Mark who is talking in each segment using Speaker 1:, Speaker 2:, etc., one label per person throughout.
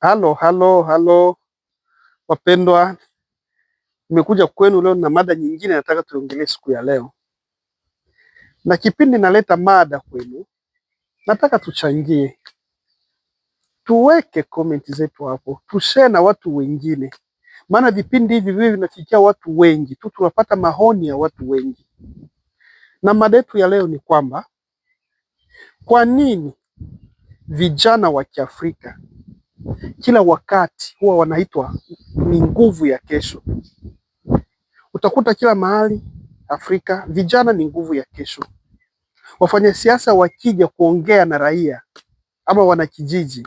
Speaker 1: Halo, halo, halo wapendwa, nimekuja kwenu leo na mada nyingine, nataka tuongelee siku ya leo, na kipindi naleta mada kwenu, nataka tuchangie, tuweke komenti zetu hapo, tushare na watu wengine, maana vipindi hivi vivi vinafikia watu wengi tu, tunapata maoni ya watu wengi. Na mada yetu ya leo ni kwamba kwa nini vijana wa Kiafrika kila wakati huwa wanaitwa ni nguvu ya kesho. Utakuta kila mahali Afrika vijana ni nguvu ya kesho. Wafanyasiasa wakija kuongea na raia ama wanakijiji,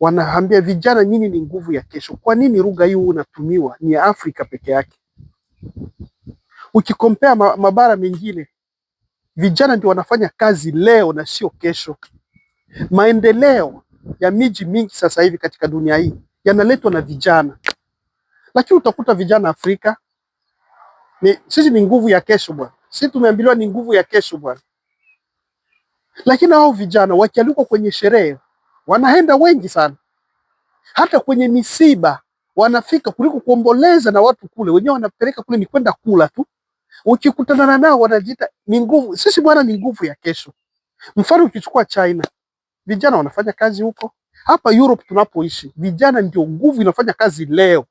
Speaker 1: wanaambia vijana, nyinyi ni nguvu ya kesho. Kwa nini lugha hii unatumiwa ni ya Afrika peke yake? Ukikompea mabara mengine, vijana ndio wanafanya kazi leo na sio kesho. Maendeleo ya miji mingi sasa hivi katika dunia hii yanaletwa na vijana, lakini utakuta vijana Afrika ni, sisi ni nguvu ya kesho bwana. Sisi tumeambiliwa ni nguvu ya kesho bwana, lakini hao vijana wakialikwa kwenye sherehe wanaenda wengi sana, hata kwenye misiba wanafika kuliko kuomboleza na watu kule, wenyewe wanapeleka kule ni kwenda kula tu. Ukikutana nao wanajiita ni nguvu. Sisi bwana ni nguvu ya kesho. Mfano ukichukua China vijana wanafanya kazi huko. Hapa Europe tunapoishi, vijana ndio nguvu inafanya kazi leo.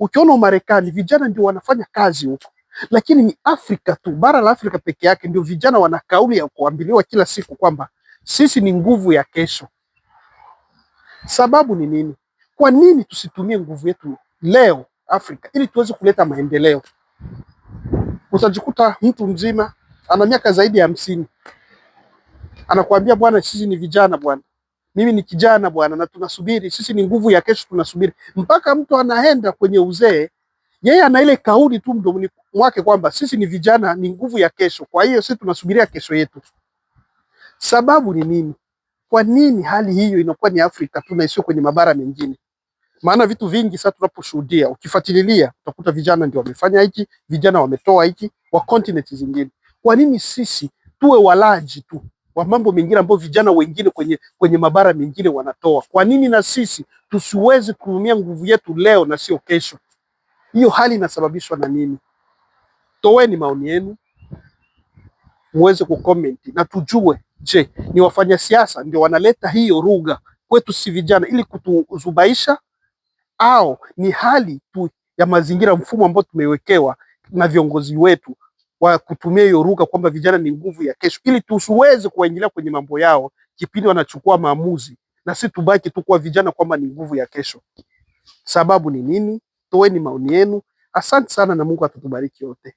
Speaker 1: Ukiona Umarekani, vijana ndio wanafanya kazi huko, lakini ni Afrika tu, bara la Afrika peke yake ndio vijana wana kauli ya kuambiliwa kila siku kwamba sisi ni nguvu ya kesho. Sababu ni nini? Kwa nini tusitumie nguvu yetu leo Afrika ili tuweze kuleta maendeleo? Utajikuta mtu mzima ana miaka zaidi ya hamsini Anakuambia bwana, sisi ni vijana bwana, mimi ni kijana bwana, na tunasubiri sisi, ni nguvu ya kesho, tunasubiri mpaka mtu anaenda kwenye uzee, yeye ana ile kauli tu mdomoni mwake kwamba sisi ni vijana, ni nguvu ya kesho, kwa hiyo sisi tunasubiria kesho yetu. Sababu ni nini? Kwa nini hali hiyo inakuwa ni Afrika tu na sio kwenye mabara mengine? Maana vitu vingi sasa tunaposhuhudia, ukifuatilia utakuta vijana ndio wamefanya hiki, vijana wametoa hiki wa continent zingine. Kwa nini sisi tuwe walaji tu? wa mambo mengine ambayo vijana wengine kwenye, kwenye mabara mengine wanatoa. Kwa nini na sisi tusiwezi kutumia nguvu yetu leo na sio kesho? Hiyo hali inasababishwa na nini? Toweni maoni yenu muweze kukomenti na tujue, je, ni wafanyasiasa ndio wanaleta hiyo ruga kwetu si vijana ili kutuzubaisha, au ni hali tu ya mazingira, mfumo ambao tumewekewa na viongozi wetu kwa kutumia hiyo lugha kwamba vijana ni nguvu ya kesho, ili tusiweze kuwaingilia kwenye mambo yao kipindi wanachukua maamuzi, na si tubaki tu kwa vijana kwamba ni nguvu ya kesho. Sababu ni nini? Toeni maoni yenu. Asante sana, na Mungu atatubariki yote.